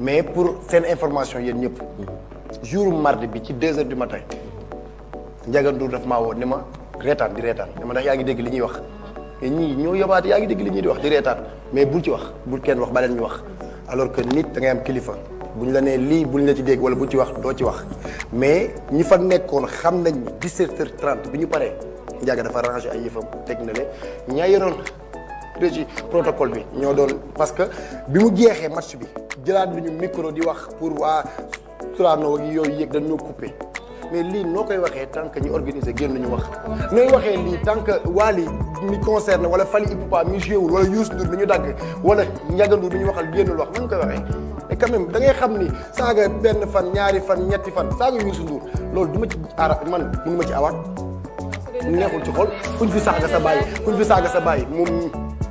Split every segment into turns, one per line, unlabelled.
mais pour cette information yéen ñep jour mardi bi ci 2h du matin njagandu daf maa woo ne ma reetaan di reetaan ne ma ndax yaa ngi dégg li ñuy wax te ñii ñoo yobaate yaa ngi dégg li ñuy di wax di reetaan mais bul ci wax bu kenn wax balen leen ñu wax alors que nit da ngay am kilifa buñ la né li buñ la ci dégg wala buñ ci wax do ci wax mais ñi fa nekkoon xam nañ 17h30 bi ñu paree njaga dafa rangé ay yëfam tek na le ñay yoroon régie protocole bi ñoo doon parce que bi mu jeexee match bi jëlaat nañu micro di wax pour waa Sorano yi yooyu yëg dañoo coupé mais lii noo koy waxee tant que ñu organisé génn ñu wax nooy waxee lii tant que Wally mi concerne wala Fally Ipupa mi jéewul wala Youssou Ndour mi ñu dagg wala Ndiaga Ndour mi ñu waxal wax nañ koy waxee mais quand même da ngay xam ni saaga benn fan ñaari fan ñetti fan saaga Youssou Ndour loolu du ma ci aara man mënu ma ci awaat neexul ci xol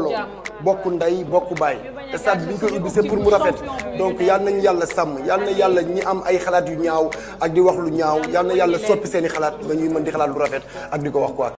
mbooloo bokk ndey bokk baay stade bi ñu koy ubbi c'est pour mu rafet donc yal nañu yàlla sàmm yal na yàlla ñi am ay xalaat yu ñaaw ak di wax lu ñaaw yal na yàlla soppi seen i xalaat ba ñuy mën di xalaat lu rafet ak di ko wax quoi